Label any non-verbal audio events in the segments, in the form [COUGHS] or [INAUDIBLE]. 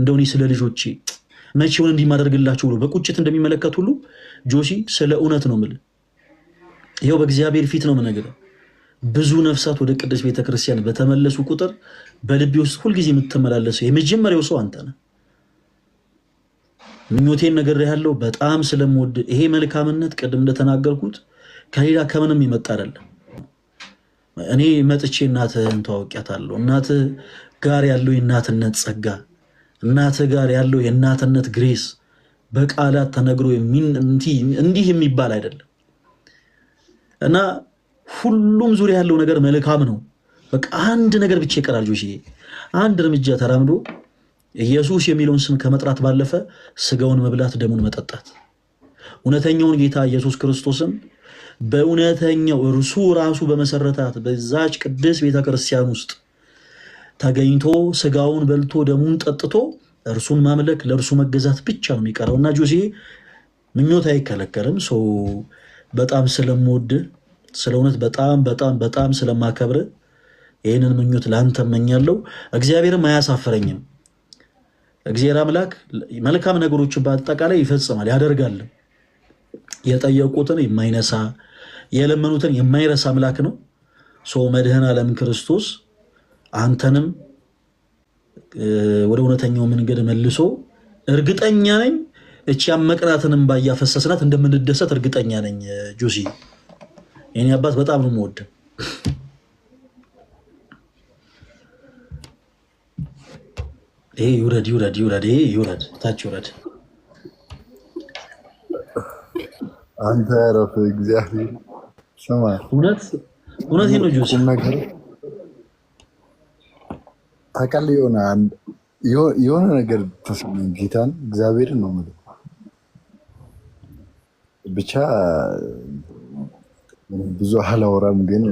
እንደሆነ ስለ ልጆቼ መቼውን እንዲማደርግላቸው ብሎ በቁጭት እንደሚመለከት ሁሉ ጆሲ ስለ እውነት ነው ምል ይኸው በእግዚአብሔር ፊት ነው ምነግርህ። ብዙ ነፍሳት ወደ ቅዱስ ቤተክርስቲያን በተመለሱ ቁጥር በልቤ ውስጥ ሁልጊዜ የምትመላለሰው የመጀመሪያው ሰው አንተ ነህ። ምኞቴን ነገር ያለው በጣም ስለምወድ ይሄ መልካምነት ቅድም እንደተናገርኩት ከሌላ ከምንም ይመጣ አይደለም። እኔ መጥቼ እናትህን ተዋውቂያታለሁ። እናትህ ጋር ያለው የእናትነት ጸጋ እናተ ጋር ያለው የእናትነት ግሬስ በቃላት ተነግሮ እንዲህ የሚባል አይደለም እና ሁሉም ዙሪያ ያለው ነገር መልካም ነው። በቃ አንድ ነገር ብቻ ይቀራል ልጆች፣ አንድ እርምጃ ተራምዶ ኢየሱስ የሚለውን ስም ከመጥራት ባለፈ ስጋውን መብላት፣ ደሙን መጠጣት እውነተኛውን ጌታ ኢየሱስ ክርስቶስን በእውነተኛው እርሱ ራሱ በመሰረታት በዛች ቅድስት ቤተክርስቲያን ውስጥ ተገኝቶ ስጋውን በልቶ ደሙን ጠጥቶ እርሱን ማምለክ ለእርሱ መገዛት ብቻ ነው የሚቀረው እና ጆሴ ምኞት አይከለከልም። ሰው በጣም ስለምወድ ስለ እውነት በጣም በጣም በጣም ስለማከብር ይህንን ምኞት ለአንተ እመኛለሁ። እግዚአብሔርም አያሳፍረኝም። እግዚአብሔር አምላክ መልካም ነገሮችን በአጠቃላይ ይፈጽማል ያደርጋል። የጠየቁትን የማይነሳ የለመኑትን የማይረሳ አምላክ ነው። ሰው መድህን ዓለም ክርስቶስ አንተንም ወደ እውነተኛው መንገድ መልሶ እርግጠኛ ነኝ እቺ መቅራትንም ባያፈሰስናት እንደምንደሰት እርግጠኛ ነኝ። ጆሲ የኔ አባት በጣም ነው የምወድ። ይሄ ይውረድ ይውረድ ይውረድ ይሄ ይውረድ ታች ይውረድ። አንተ ረፍ እግዚአብሔር ስማ፣ እውነት እውነት ነው ጆሲ ታውቃለህ የሆነ የሆነ ነገር ተሰማኝ። ጌታን እግዚአብሔርን ነው የምልህ። ብቻ ብዙ አላወራም፣ ግን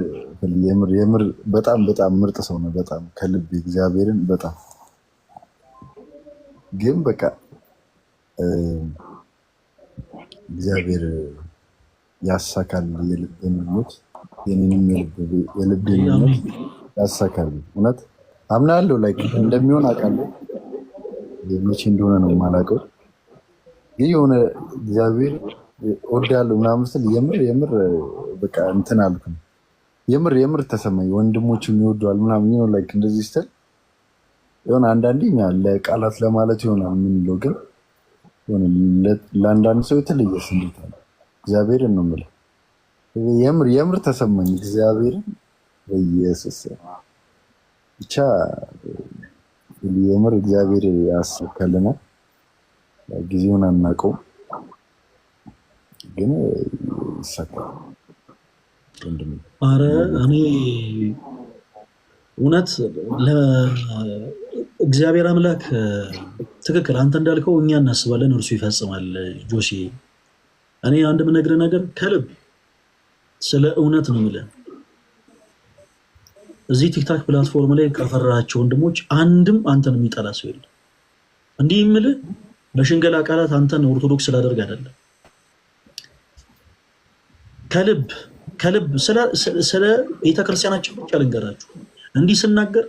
የምር የምር በጣም በጣም ምርጥ ሰው ነው። በጣም ከልብ እግዚአብሔርን በጣም ግን በቃ እግዚአብሔር ያሳካል የልብ ምኞት የኔንም የልቤን ምኞት ያሳካል እውነት አምናለሁ ላይ እንደሚሆን አውቃለሁ። መቼ እንደሆነ ነው የማላውቀው፣ ይህ የሆነ እግዚአብሔር እወዳለሁ ምናምን ስል የምር የምር በቃ እንትን አልኩ። የምር የምር ተሰማኝ። ወንድሞችም ይወደዋል ምናምን ነው ላይ እንደዚህ ስትል የሆነ አንዳንዴ እኛ ለቃላት ለማለት ይሆናል የምንለው፣ ግን ለአንዳንድ ሰው የተለየ ስሜት አለ። እግዚአብሔርን ነው የምልህ። የምር የምር ተሰማኝ እግዚአብሔርን በኢየሱስ ብቻ የምር እግዚአብሔር ያሳካልናል። ጊዜውን አናውቀው ግን ይሳካል። አረ እኔ እውነት እግዚአብሔር አምላክ ትክክል አንተ እንዳልከው እኛ እናስባለን፣ እርሱ ይፈጽማል። ጆሲ እኔ አንድ ምነግር ነገር ከልብ ስለ እውነት ነው ምለን እዚህ ቲክታክ ፕላትፎርም ላይ ካፈራቸው ወንድሞች አንድም አንተን የሚጠላ ሰው የለም። እንዲህ የምልህ በሽንገላ ቃላት አንተን ኦርቶዶክስ ስላደርግ አይደለም። ከልብ ከልብ ስለ ቤተክርስቲያናችን ብቻ ልንገራችሁ። እንዲህ ስናገር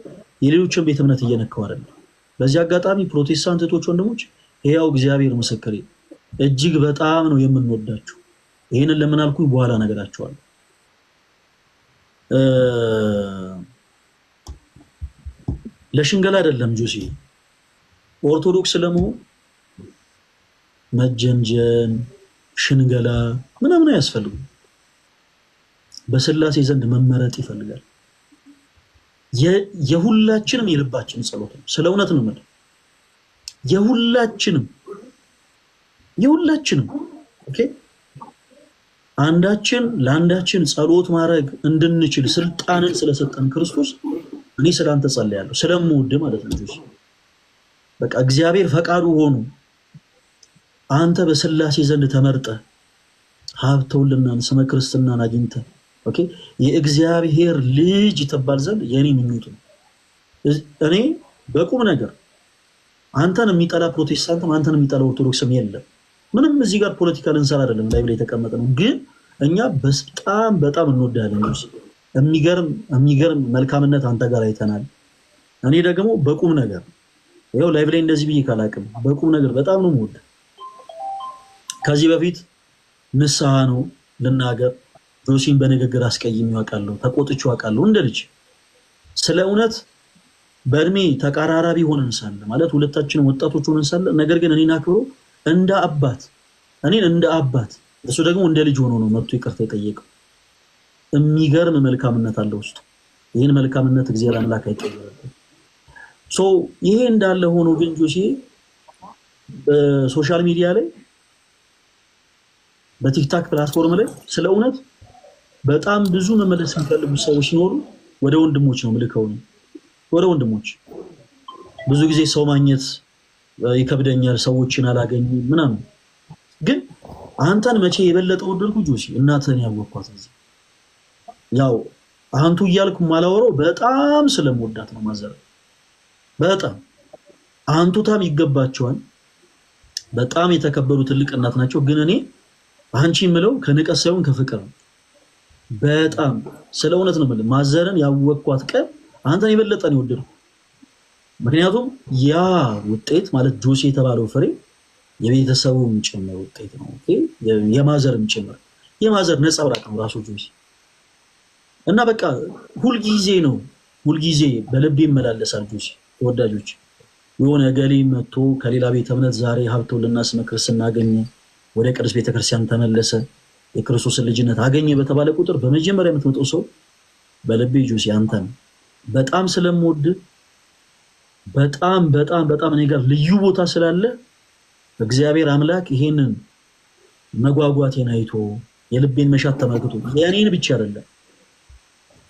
የሌሎችን ቤተ እምነት እየነካው አይደለም። በዚህ አጋጣሚ ፕሮቴስታንት እህቶች ወንድሞች፣ ያው እግዚአብሔር ምስክሬ እጅግ በጣም ነው የምንወዳችሁ። ይህንን ለምን አልኩኝ በኋላ ነገራቸዋለሁ። ለሽንገላ አይደለም ጆሲ ኦርቶዶክስ ለመሆን መጀንጀን ሽንገላ ምናምን አያስፈልግም። በስላሴ ዘንድ መመረጥ ይፈልጋል። የሁላችንም የልባችን ጸሎት ነው። ስለ እውነት ነው የምልህ። የሁላችንም የሁላችንም አንዳችን ለአንዳችን ጸሎት ማድረግ እንድንችል ስልጣንን ስለሰጠን ክርስቶስ እኔ ስለአንተ ጸልያለሁ ስለምወድ ማለት ነው። በቃ እግዚአብሔር ፈቃዱ ሆኑ አንተ በስላሴ ዘንድ ተመርጠ ሀብተውልናን ስመ ክርስትናን አግኝተ የእግዚአብሔር ልጅ ተባል ዘንድ የእኔ ምኞት ነው። እኔ በቁም ነገር አንተን የሚጠላ ፕሮቴስታንትም አንተን የሚጠላ ኦርቶዶክስም የለም። ምንም እዚህ ጋር ፖለቲካ ልንሰራ አይደለም፣ ላይ የተቀመጠ ነው። ግን እኛ በጣም በጣም እንወዳለን። የሚገርም የሚገርም መልካምነት አንተ ጋር አይተናል። እኔ ደግሞ በቁም ነገር ይኸው ላይቭ ላይ እንደዚህ ብዬ ካላቅም በቁም ነገር በጣም ነው የምወድ። ከዚህ በፊት ንስሐ ነው ልናገር ጆሲን በንግግር አስቀይሜ አውቃለሁ፣ ተቆጥቼ አውቃለሁ። እንደ ልጅ ስለ እውነት በእድሜ ተቀራራቢ ሆነን ሳለ ማለት ሁለታችንም ወጣቶች ሆነን ሳለ ነገር ግን እኔን አክብሮ እንደ አባት እኔን እንደ አባት እሱ ደግሞ እንደ ልጅ ሆኖ ነው መጥቶ ይቅርታ የጠየቀው። የሚገርም መልካምነት አለ ውስጡ። ይህን መልካምነት እግዚአብሔር አምላክ አይቀበላል። ይሄ እንዳለ ሆኖ ግን ጆሴ በሶሻል ሚዲያ ላይ በቲክታክ ፕላትፎርም ላይ ስለ እውነት በጣም ብዙ መመለስ የሚፈልጉ ሰዎች ሲኖሩ ወደ ወንድሞች ነው ምልከው ነው ወደ ወንድሞች። ብዙ ጊዜ ሰው ማግኘት ይከብደኛል፣ ሰዎችን አላገኝም ምናምን። ግን አንተን መቼ የበለጠ ወደድኩ ጆሴ፣ እናትህን ያወቅኳት ጊዜ ያው አንቱ እያልኩ ማላወረው በጣም ስለምወዳት ነው። ማዘር በጣም አህንቱታም ይገባቸዋል። በጣም የተከበሩ ትልቅ እናት ናቸው። ግን እኔ አንቺ የምለው ከንቀት ሳይሆን ከፍቅር ነው። በጣም ስለ እውነት ነው ማዘርን ያወቅኳት ቀን አንተን የበለጠ ነው የወደድኩ። ምክንያቱም ያ ውጤት ማለት ጆሴ የተባለው ፍሬ የቤተሰቡም ጭምር ውጤት ነው፣ የማዘርም ጭምር የማዘር ነጸብራቅ ነው ራሱ ጆሴ እና በቃ ሁልጊዜ ነው ሁልጊዜ በልቤ ይመላለሳል። ጁሲ ተወዳጆች የሆነ ገሌ መጥቶ ከሌላ ቤተ እምነት ዛሬ ሀብቶ ወልድና ስመ ወደ ቅዱስ ቤተክርስቲያን ተመለሰ፣ የክርስቶስን ልጅነት አገኘ በተባለ ቁጥር በመጀመሪያ የምትመጣው ሰው በልቤ ጁሲ አንተ ነው። በጣም ስለምወድ በጣም በጣም በጣም እኔ ጋር ልዩ ቦታ ስላለ እግዚአብሔር አምላክ ይሄንን መጓጓቴን አይቶ የልቤን መሻት ተመልክቶ ያኔን ብቻ አይደለም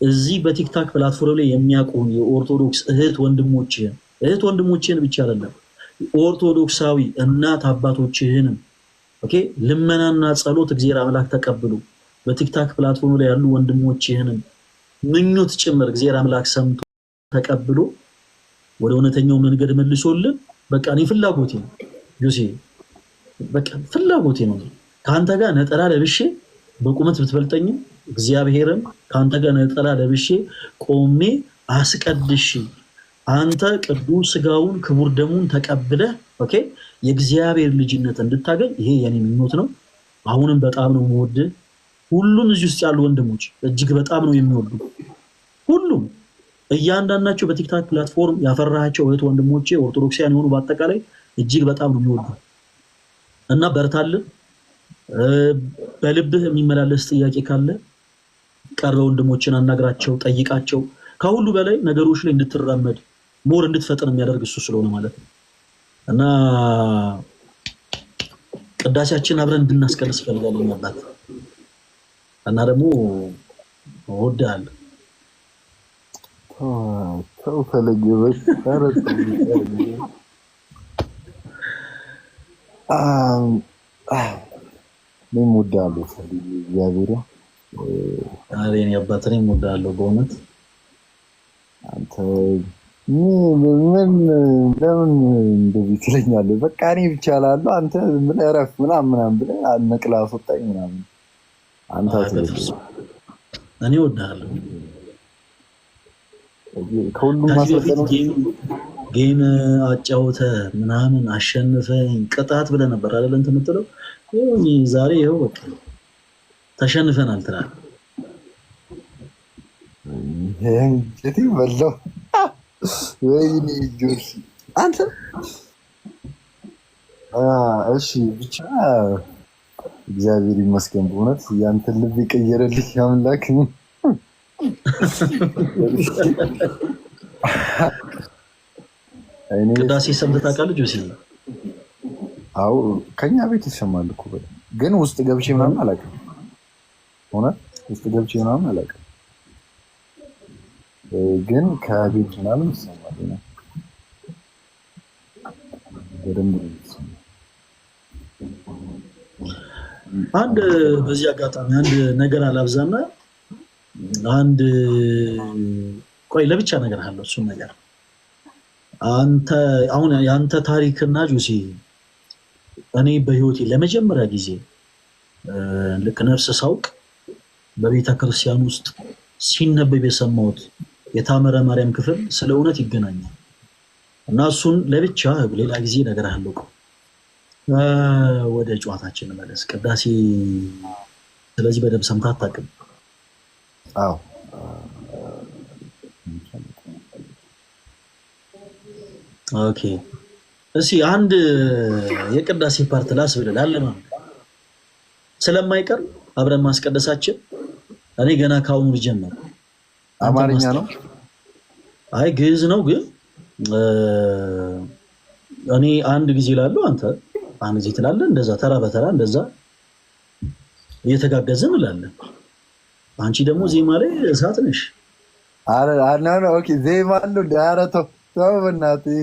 እዚህ በቲክታክ ፕላትፎርም ላይ የሚያውቁ የኦርቶዶክስ እህት ወንድሞችህን እህት ወንድሞችህን ብቻ አይደለም ኦርቶዶክሳዊ እናት አባቶችህንም ልመናና ጸሎት እግዚአብሔር አምላክ ተቀብሎ በቲክታክ ፕላትፎርም ላይ ያሉ ወንድሞችህንም ምኞት ጭምር እግዚአብሔር አምላክ ሰምቶ ተቀብሎ ወደ እውነተኛው መንገድ መልሶልን። በቃ እኔ ፍላጎቴ ነው ዩሴ በቃ ፍላጎቴ ነው። ከአንተ ጋር ነጠላ ለብሼ በቁመት ብትበልጠኝም እግዚአብሔርም ከአንተ ጋር ነጠላ ለብሼ ቆሜ አስቀድሽ አንተ ቅዱስ ስጋውን ክቡር ደሙን ተቀብለ የእግዚአብሔር ልጅነት እንድታገኝ ይሄ የኔ ምኞት ነው። አሁንም በጣም ነው የምወድ። ሁሉም እዚህ ውስጥ ያሉ ወንድሞች እጅግ በጣም ነው የሚወዱ። ሁሉም እያንዳንዳቸው በቲክታክ ፕላትፎርም ያፈራቸው እህት ወንድሞቼ ኦርቶዶክሳያን የሆኑ በአጠቃላይ እጅግ በጣም ነው የሚወዱ እና በርታልን። በልብህ የሚመላለስ ጥያቄ ካለ ቀረ ወንድሞችን አናግራቸው፣ ጠይቃቸው። ከሁሉ በላይ ነገሮች ላይ እንድትራመድ ሞር እንድትፈጥን የሚያደርግ እሱ ስለሆነ ማለት ነው እና ቅዳሴያችን አብረን እንድናስቀልስ እፈልጋለሁ አባት እና ደግሞ ወዳል ተው ፈለጌ እኔም እወድሃለሁ እግዚአብሔር አሬ ነው አባትሬ እወዳለሁ በእውነት አንተ ምን ለምን እንደዚህ ትለኛለህ? በቃ እኔ ብቻ እላለሁ። አንተ ብለህ እረፍ ምናምን ምናምን ብለህ አስወጣኝ ምናምን። አንተ እኔ እወድሃለሁ። ከሁሉም ማስወጠነው ጌም ምናምን አሸንፈኝ ቅጣት ብለህ ነበር አይደል? እንትን የምትለው ዛሬ ይኸው በቃ ተሸንፈናል ትላል። እንግዲህ በለው ወይኔ ጆሲ አንተ እሺ ብቻ እግዚአብሔር ይመስገን በእውነት ያንተ ልብ የቀየረልኝ አምላክ ቅዳሴ ሰምተህ ታውቃለህ? ጆሲ አዎ፣ ከኛ ቤት ይሰማል እኮ ግን ውስጥ ገብቼ ምናምን አላውቅም። ሆነ ውስጥ ገብቼ ምናምን አላውቅም፣ ግን ከቤት ምናምን ይሰማል ነው በደንብ አንድ በዚህ አጋጣሚ አንድ ነገር አላብዛና አንድ ቆይ ለብቻ ነገር አለው። እሱን ነገር አንተ አሁን የአንተ ታሪክና ጁሲ እኔ በህይወቴ ለመጀመሪያ ጊዜ ልክ ነፍስ ሳውቅ በቤተ ክርስቲያን ውስጥ ሲነበብ የሰማሁት የታመረ ማርያም ክፍል ስለ እውነት ይገናኛል እና እሱን ለብቻ ሌላ ጊዜ አለቁ። ወደ ጨዋታችን መለስ። ቅዳሴ ስለዚህ በደንብ ሰምታ አታውቅም? አዎ ኦኬ። እስኪ አንድ የቅዳሴ ፓርት ላስብልህ፣ አለማ ስለማይቀር አብረን ማስቀደሳችን እኔ ገና ካሁኑ ልጀምር። አማርኛ ነው? አይ ግዕዝ ነው። ግን እኔ አንድ ጊዜ እላለሁ፣ አንተ አንድ ጊዜ ትላለህ። እንደዛ ተራ በተራ እንደዛ እየተጋገዝን እላለን። አንቺ ደግሞ ዜማ ላይ እሳት ነሽ። ዜማ አሉ ዳረተው ሰው በእናትህ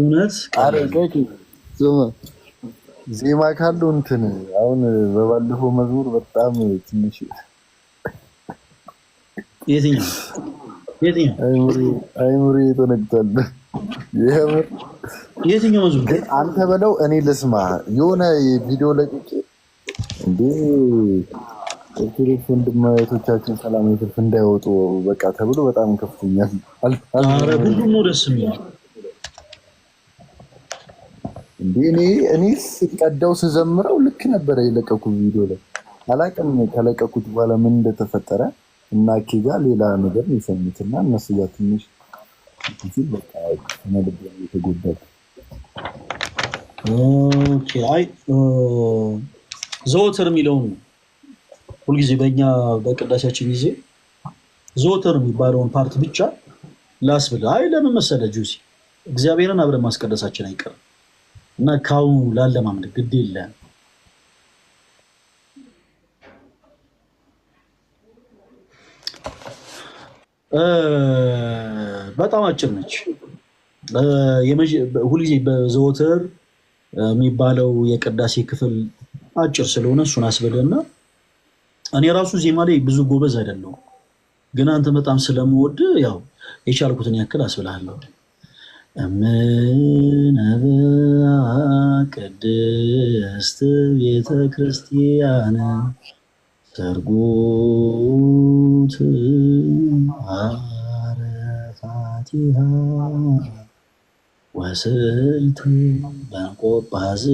እውነት ዜማ ካለው እንትን አሁን በባለፈው መዝሙር በጣም ትንሽ የትኛው የትኛው አይሙሪ የትኛው መዝሙር አንተ በለው እኔ ልስማ። የሆነ ቪዲዮ ለቅቄ እንዴ ኦርቶዶክስ ወንድማቶቻችን ሰላማዊ ሰልፍ እንዳይወጡ በቃ ተብሎ በጣም ከፍተኛል። ኧረ ነው ደስ የሚለው እኔ ስቀዳው ስዘምረው ልክ ነበረ የለቀኩት ቪዲዮ ላይ አላቅም። ከለቀኩት በኋላ ምን እንደተፈጠረ እና ኬጋ ሌላ ነገር የሰሙት እና እነሱ ጋር ትንሽ የተጎዳል። ዘወትር የሚለውን ሁልጊዜ በእኛ በቅዳሴያችን ጊዜ ዘወትር የሚባለውን ፓርት ብቻ ላስብል። አይ ለምን መሰለ ጁሲ እግዚአብሔርን አብረን ማስቀደሳችን አይቀርም እና ከአሁኑ ላለማምድ ግድ የለም። በጣም አጭር ነች። ሁልጊዜ በዘወትር የሚባለው የቅዳሴ ክፍል አጭር ስለሆነ እሱን አስበደና እኔ ራሱ ዜማ ላይ ብዙ ጎበዝ አይደለሁም፣ ግን አንተ በጣም ስለምወድ ያው የቻልኩትን ያክል አስብልሃለሁ። እምነበ ቅድስት ቤተ ክርስቲያን ሰርጉት አረፋቲሃ ወስልት በንቆጳዝ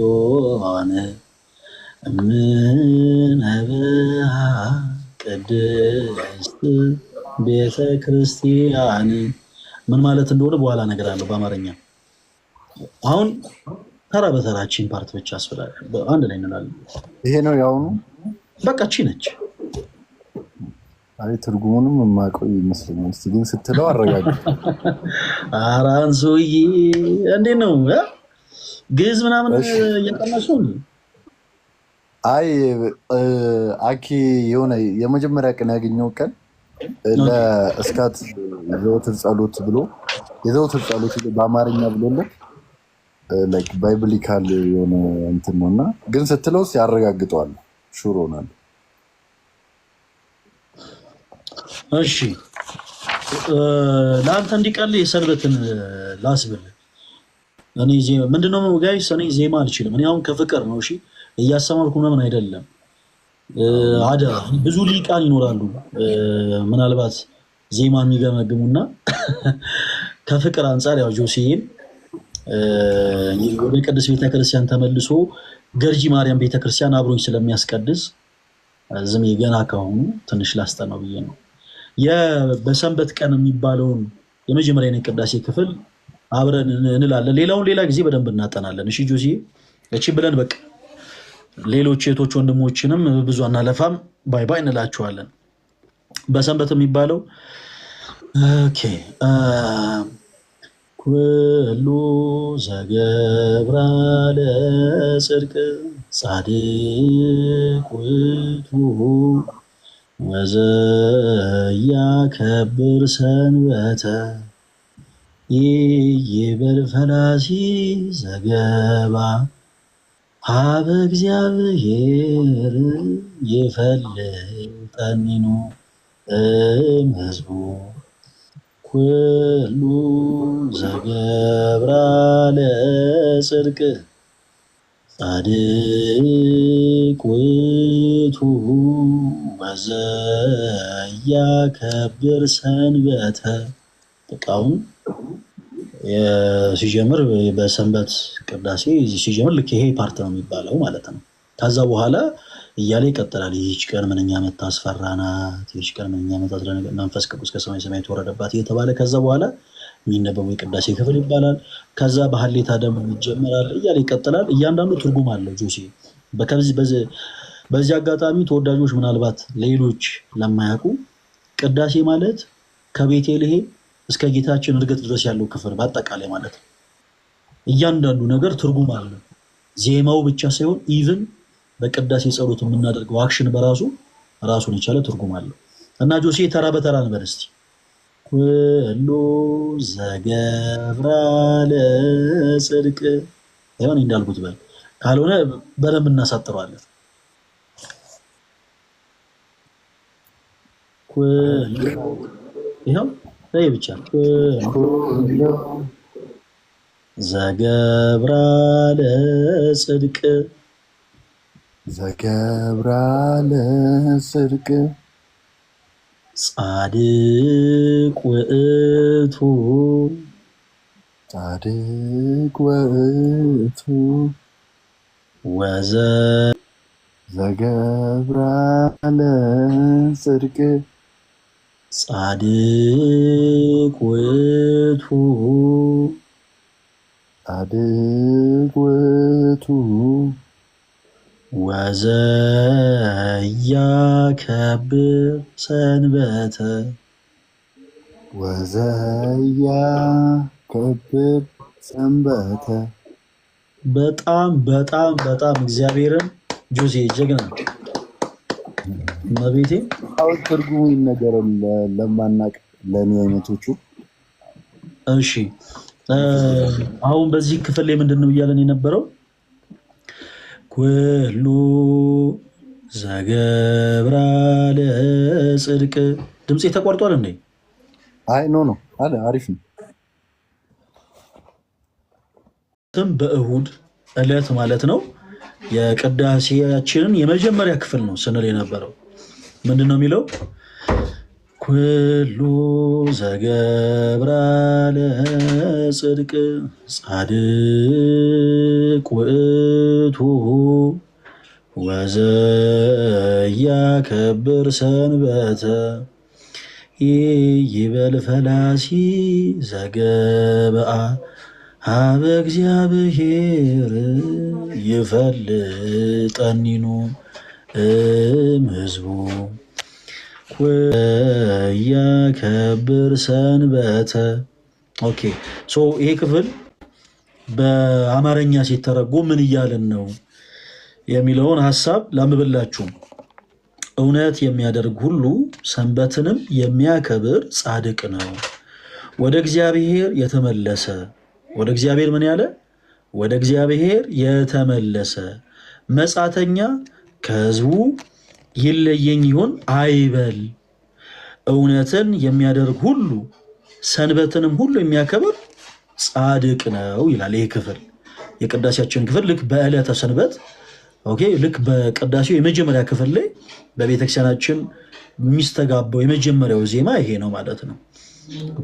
ዮን እምነበ ቅድስት ቤተ ክርስቲያን ምን ማለት እንደሆነ በኋላ ነገር አለው በአማርኛ። አሁን ተራ በተራችን ፓርት ብቻ አንድ ላይ እንላለን። ይሄ ነው ያውኑ በቃ ቺ ነች። አይ ትርጉሙንም የማውቀው ይመስለኛል። እስኪ ግን ስትለው አረጋግጥ። ኧረ አንሶዬ እንዴት ነው ግዕዝ ምናምን እያቀነሱ አይ አኪ የሆነ የመጀመሪያ ቀን ያገኘው ቀን ለእስካት ዘውትር ጸሎት ብሎ የዘወትር ጸሎት በአማርኛ ብሎለት ባይብሊካል የሆነ እንትን ነው እና ግን ስትለውስ ያረጋግጠዋል። ሹር ሆናል። እሺ ለአንተ እንዲቀል የሰንበትን ላስብል። እኔ ምንድነው ጋይስ፣ እኔ ዜማ አልችልም። እኔ አሁን ከፍቅር ነው እሺ፣ እያሰማልኩ ምናምን አይደለም አደራ ብዙ ሊቃን ይኖራሉ። ምናልባት ዜማ የሚገመግሙና [COUGHS] ከፍቅር አንጻር ያው ጆሴን ወደ ቅድስት ቤተክርስቲያን ተመልሶ ገርጂ ማርያም ቤተክርስቲያን አብሮኝ ስለሚያስቀድስ ዝም ገና ከሆኑ ትንሽ ላስጠናው ብዬ ነው። በሰንበት ቀን የሚባለውን የመጀመሪያ ቅዳሴ ክፍል አብረን እንላለን። ሌላውን ሌላ ጊዜ በደንብ እናጠናለን። እሺ ጆሴ፣ እቺ ብለን በቃ ሌሎች ሴቶች ወንድሞችንም ብዙ አናለፋም፣ ባይ ባይ እንላችኋለን። በሰንበት የሚባለው ኩሉ ዘገብራ ለጽድቅ ጻድቅ ውእቱ ከብር ሰንበተ ይይበር ፈላሲ ዘገባ አበ እግዚአብሔር ይፈልግ መዝሙር ኩሉ ዘገብራ ለጽድቅ ጻድቅ ውእቱ በዘያ ከብር ሰንበተ ጥቃውን ሲጀምር በሰንበት ቅዳሴ ሲጀምር ልክ ይሄ ፓርት ነው የሚባለው ማለት ነው። ከዛ በኋላ እያለ ይቀጥላል። ይህች ቀን ምንኛ መታስፈራ አስፈራናት፣ ይህች ቀን ምንኛ መንፈስ ቅዱስ ከሰማይ ሰማይ የተወረደባት እየተባለ ከዛ በኋላ የሚነበቡ የቅዳሴ ክፍል ይባላል። ከዛ በሀሌታ ደግሞ ይጀመራል እያለ ይቀጥላል። እያንዳንዱ ትርጉም አለው። ጆሴ በዚህ አጋጣሚ ተወዳጆች፣ ምናልባት ሌሎች ለማያውቁ ቅዳሴ ማለት ከቤቴልሔም እስከ ጌታችን እርገት ድረስ ያለው ክፍል በአጠቃላይ ማለት ነው። እያንዳንዱ ነገር ትርጉም አለው። ዜማው ብቻ ሳይሆን ኢቭን በቅዳሴ ጸሎት የምናደርገው አክሽን በራሱ ራሱን የቻለ ትርጉም አለው እና ጆሴ ተራ በተራ ንበል እስኪ ኩሉ ዘገብራ ለጽድቅ እንዳልኩት በል ካልሆነ በደንብ እናሳጥረዋለን። ይኸው ይህ ብቻ ዘገብራ ለጽድቅ ዘገብራ ለጽድቅ ጻድቅ ውእቱ ጻድቅ ውእቱ ወዘ ዘገብራ ለጽድቅ ጻድቅ ውእቱ ጻድቅ ውእቱ ወዘያከብር ሰንበተ ወዘያከብር ሰንበተ። በጣም በጣም በጣም እግዚአብሔርን ጆሴ ጀግና መቤቴ አሁን ትርጉሙ ነገር ለማናቅ ለእኔ አይነቶቹ። እሺ አሁን በዚህ ክፍል ላይ ምንድን ነው እያለን የነበረው? ኩሉ ዘገብራ ለጽድቅ ድምፅ ተቋርጧል እንዴ? አይ ኖ ኖ፣ አለ። አሪፍ ነው። በእሁድ እለት ማለት ነው የቅዳሴያችንን የመጀመሪያ ክፍል ነው ስንል የነበረው ምንድን ነው የሚለው? ኩሉ ዘገብራ ለጽድቅ ጻድቅ ውእቱ ወዘያከብር ሰንበተ ይበል ፈላሲ ዘገበአ አበ እግዚአብሔር ይፈልጠኒኑ እምሕዝቡ ወያከብር ሰንበተ። ኦኬ ሶ ይሄ ክፍል በአማርኛ ሲተረጎም ምን እያለን ነው የሚለውን ሀሳብ ላምብላችሁ። እውነት የሚያደርግ ሁሉ ሰንበትንም የሚያከብር ጻድቅ ነው፣ ወደ እግዚአብሔር የተመለሰ ወደ እግዚአብሔር ምን ያለ ወደ እግዚአብሔር የተመለሰ መጻተኛ ከህዝቡ ይለየኝ ይሆን አይበል። እውነትን የሚያደርግ ሁሉ ሰንበትንም ሁሉ የሚያከብር ጻድቅ ነው ይላል። ይህ ክፍል የቅዳሴያችን ክፍል ልክ በዕለተ ሰንበት ኦኬ፣ ልክ በቅዳሴው የመጀመሪያ ክፍል ላይ በቤተክርስቲያናችን የሚስተጋባው የመጀመሪያው ዜማ ይሄ ነው ማለት ነው።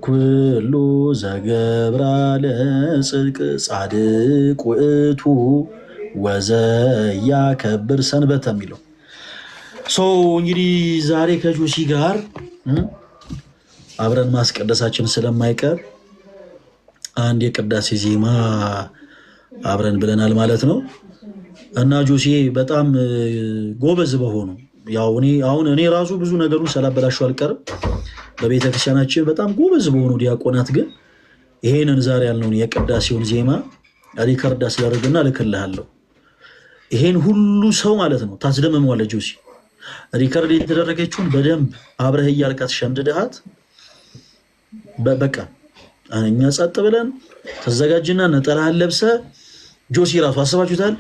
ኩሉ ዘገብራ ለጽድቅ ጻድቅ ውእቱ ወዘያ ከብር ሰንበት የሚለው ሰው እንግዲህ ዛሬ ከጆሲ ጋር አብረን ማስቀደሳችን ስለማይቀር አንድ የቅዳሴ ዜማ አብረን ብለናል ማለት ነው። እና ጆሲ በጣም ጎበዝ በሆኑ ያው እኔ አሁን እኔ ራሱ ብዙ ነገሩ ሰላበላሹ አልቀርም በቤተክርስቲያናችን በጣም ጎበዝ በሆኑ ዲያቆናት ግን ይሄንን ዛሬ ያልነውን የቅዳሴውን ዜማ ሪከርድ አስደርግና እልክልሃለሁ። ይሄን ሁሉ ሰው ማለት ነው ታስደምመዋለ ጆሲ ሪከርድ የተደረገችውን በደንብ አብረህ እያልቃት ሸምድድሃት። በቃ እኛ ጸጥ ብለን ተዘጋጅና ነጠላህን ለብሰ ጆሲ ራሱ አስባችሁታል።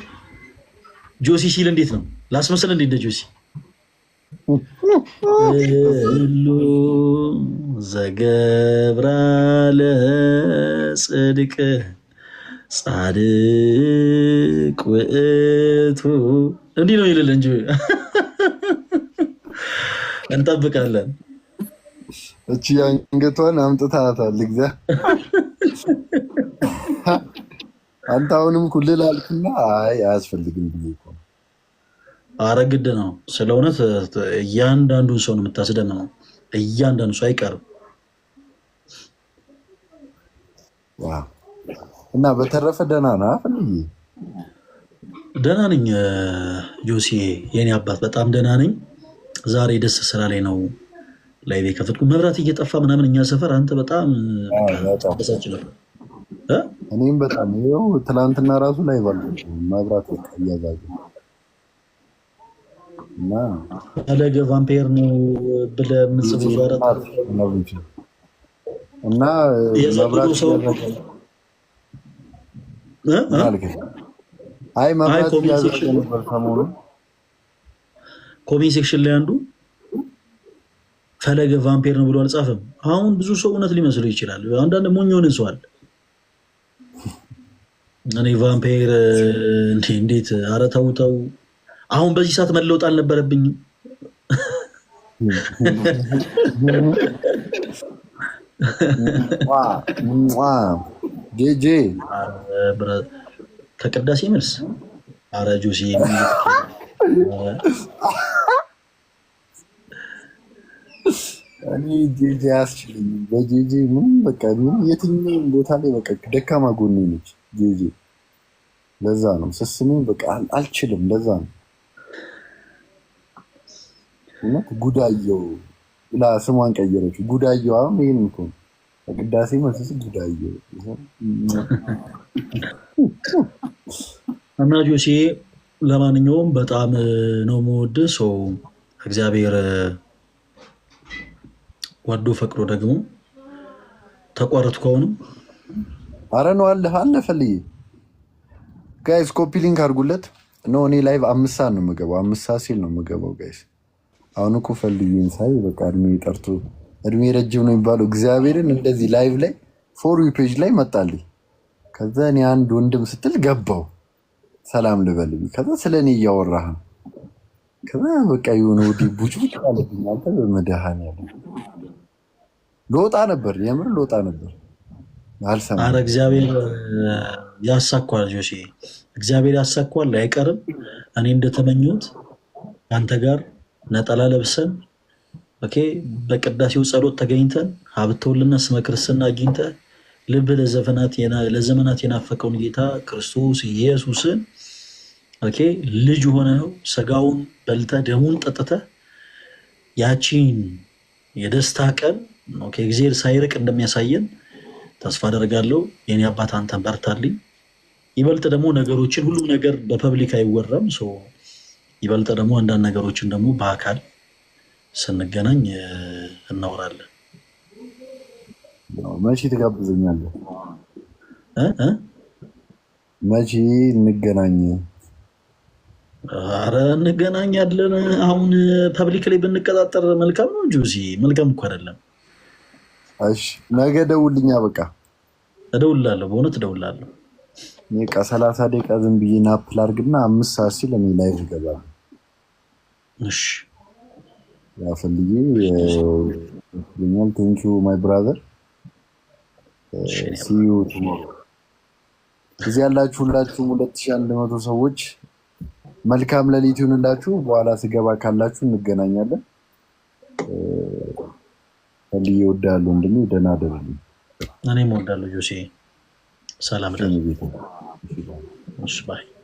ጆሲ ሲል እንዴት ነው ላስመስል እንዴት ጆሲ እሉ ዘገብራለ ጽድቅ ጻድቅ ውእቱ እንዲህ ነው ይልል እንጂ እንጠብቃለን። እቺ አንገቷን አምጥታታል። ግዛ አንተ አሁንም ኩልል አልክና አይ አያስፈልግም ብዬ አረ ግድ ነው። ስለ እውነት እያንዳንዱን ሰው ነው የምታስደምመው። እያንዳንዱ ሰው አይቀርም። እና በተረፈ ደህና ና ደህና ነኝ ጆሲ፣ የኔ አባት በጣም ደህና ነኝ። ዛሬ ደስ ስራ ላይ ነው ላይ ከፈትኩ። መብራት እየጠፋ ምናምን እኛ ሰፈር አንተ በጣም በሳች ነበር። እኔም በጣም ይኸው ትናንትና ራሱ ላይ ባሉ መብራት እያዛዘ ፈለገ ቫምፔር ነው ብለ የምጽፉ እና አይ ኮሜንት ሴክሽን ላይ አንዱ ፈለገ ቫምፔር ነው ብሎ አልጻፈም። አሁን ብዙ ሰው እውነት ሊመስለው ይችላል። አንዳንድ ሞኝ የሆነ ሰው አለ። እኔ ቫምፔር እንዴት ኧረ ተው ተው አሁን በዚህ ሰዓት መለወጥ አልነበረብኝም። ጄጄ ከቅዳሴ መልስ አረጆሲ እኔ ጄጄ በጄጄ በቃ የትኛውም ቦታ ላይ በቃ ደካማ ጎኔ ነች ጄጄ። ለዛ ነው ስስሜ በቃ አልችልም። ለዛ ነው ጉዳየው ብላ ስሟን ቀየረችው። ጉዳየው አሁን ይህን እኮ ቅዳሴ መንፈስ ጉዳየው እና ጆሴ፣ ለማንኛውም በጣም ነው መወድ ሰው እግዚአብሔር ወዶ ፈቅዶ ደግሞ ተቋረጥኩ። ከሆንም አረ ነው አለ አለፈልይ ጋይስ፣ ኮፒ ሊንክ አድርጉለት ነው እኔ ላይቭ አምሳ ነው የምገባው። አምሳ ሲል ነው የምገባው ጋይስ አሁን እኮ ፈልዩን ሳይ በቃ እድሜ ጠርቶ እድሜ ረጅም ነው የሚባለው እግዚአብሔርን እንደዚህ ላይቭ ላይ ፎር ዩ ፔጅ ላይ መጣልኝ። ከዛ እኔ አንድ ወንድም ስትል ገባው ሰላም ልበልኝ። ከዛ ስለ እኔ እያወራህ ከዛ በቃ የሆነ ወዲ ቡጭ አለብኝ። አንተ በመድሃን ያለ ሎጣ ነበር፣ የምር ሎጣ ነበር። አልሰማም። ኧረ እግዚአብሔር ያሳኳል፣ ጆሴ እግዚአብሔር ያሳኳል፣ አይቀርም። እኔ እንደተመኘሁት አንተ ጋር ነጠላ ለብሰን ኦኬ በቅዳሴው ጸሎት ተገኝተን ሀብተውልና ስመ ክርስትና አግኝተ ልብ ለዘመናት የናፈቀውን ጌታ ክርስቶስ ኢየሱስን ኦኬ ልጅ ነው ስጋውን በልተ ደሙን ጠጥተ ያቺን የደስታ ቀን ኦኬ እግዚአብሔር ሳይርቅ እንደሚያሳየን ተስፋ አደርጋለሁ። የኔ አባት አንተን በርታልኝ። ይበልጥ ደግሞ ነገሮችን ሁሉም ነገር በፐብሊክ አይወራም። ይበልጥ ደግሞ አንዳንድ ነገሮችን ደግሞ በአካል ስንገናኝ እናወራለን። መቼ ትጋብዘኛለ መቼ እንገናኝ? አረ እንገናኛለን። አሁን ፐብሊክ ላይ ብንቀጣጠር መልካም ነው እንጂ መልካም እኮ አይደለም። እሺ ነገ ደውልኛ። በቃ እደውላለሁ፣ በእውነት እደውላለሁ። በቃ ሰላሳ ደቂቃ ዝም ብዬ ናፕ አምስት ሰዓት ሲል እኔ ላይቭ ይገባል። እሺ ያፈልዬ ኛል ቴንክ ዩ ማይ ብራዘር ሲዩ እዚህ ያላችሁ ሁላችሁም ሁለት ሺህ አንድ መቶ ሰዎች መልካም ሌሊት ይሁንላችሁ። በኋላ ስገባ ካላችሁ እንገናኛለን። ፈልዬ እወዳለሁ። እንድሜ ደህና ደሩ። እኔም እወዳለሁ ዮሴ። سلام عليكم باي